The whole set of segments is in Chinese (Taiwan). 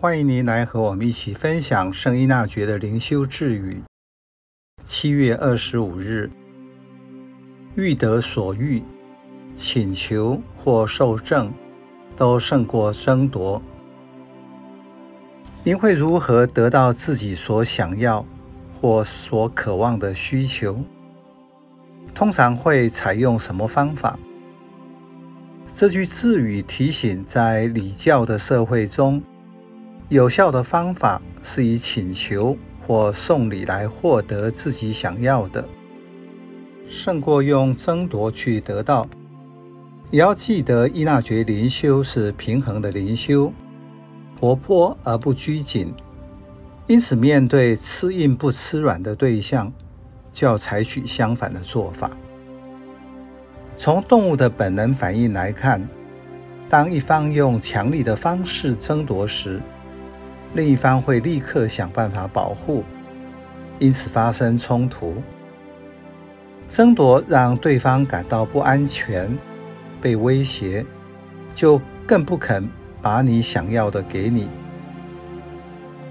歡迎您來和我們一起分享聖依納爵的靈修智語。七月二十五日，欲得所欲，請求或受贈，都勝過爭奪。您會如何得到自己所想要或所渴望的需求？通常會採用什麼方法？這句智語提醒，在禮教的社會中，有效的方法是以請求或送禮來獲得自己想要的，勝過用爭奪去得到。也要記得，依納爵靈修是平衡的靈修，活潑而不拘謹。因此，面對吃硬不吃軟的對象，就要採取相反的做法。從動物的本能反應來看，當一方用強力的方式爭奪時，另一方會立刻想辦法保護，因此發生衝突。爭奪讓對方感到不安全、被威脅，就更不肯把你想要的給你。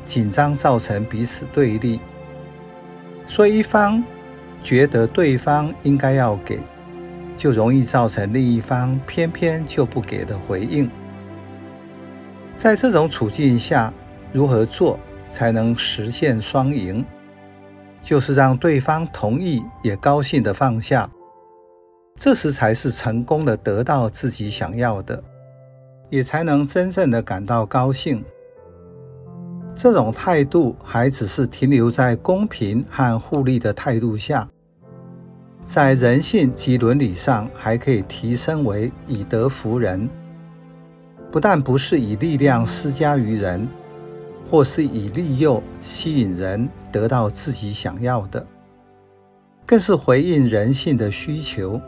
緊張造成彼此對立，所以一方覺得對方應該要給，就容易造成另一方偏偏就不給的回應。在這種處境下。如何做才能實現雙贏？就是讓對方同意也高興的放下，這時才是成功的得到自己想要的，也才能真正的感到高興。這種態度還只是停留在公平和互利的態度下，在人性及倫理上還可以提升為以德服人，不但不是以力量施加於人。或是以利誘吸引人得到自己想要的，更是回應人性的需求，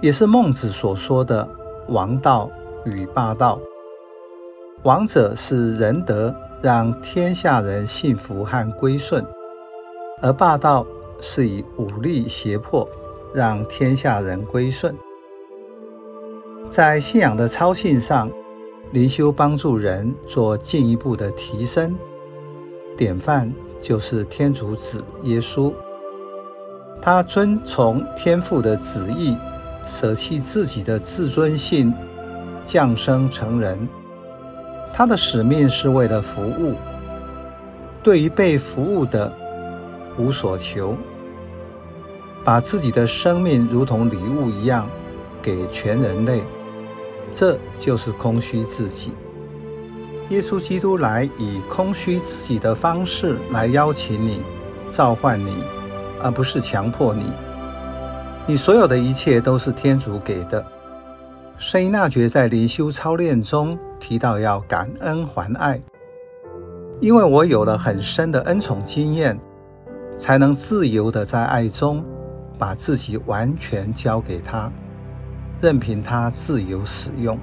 也是孟子所說的王道與霸道。王者是仁德，讓天下人信服和歸順；而霸道是以武力脅迫，讓天下人歸順。在信仰的超性上。靈修幫助人做進一步的提升，典範就是天主子耶穌，他遵從天父的旨意，捨棄自己的至尊性，降生成人。他的使命是為了服務，對於被服務的無所求，把自己的生命如同禮物一樣給全人類。這就是空虛自己。耶穌基督來，以空虛自己的方式來邀請你、召喚你，而不是強迫你。你所有的一切都是天主給的。聖依納爵在靈修操練中提到要感恩還愛，因為我有了很深的恩寵經驗，才能自由地在愛中把自己完全交給他。任憑祂自由使用。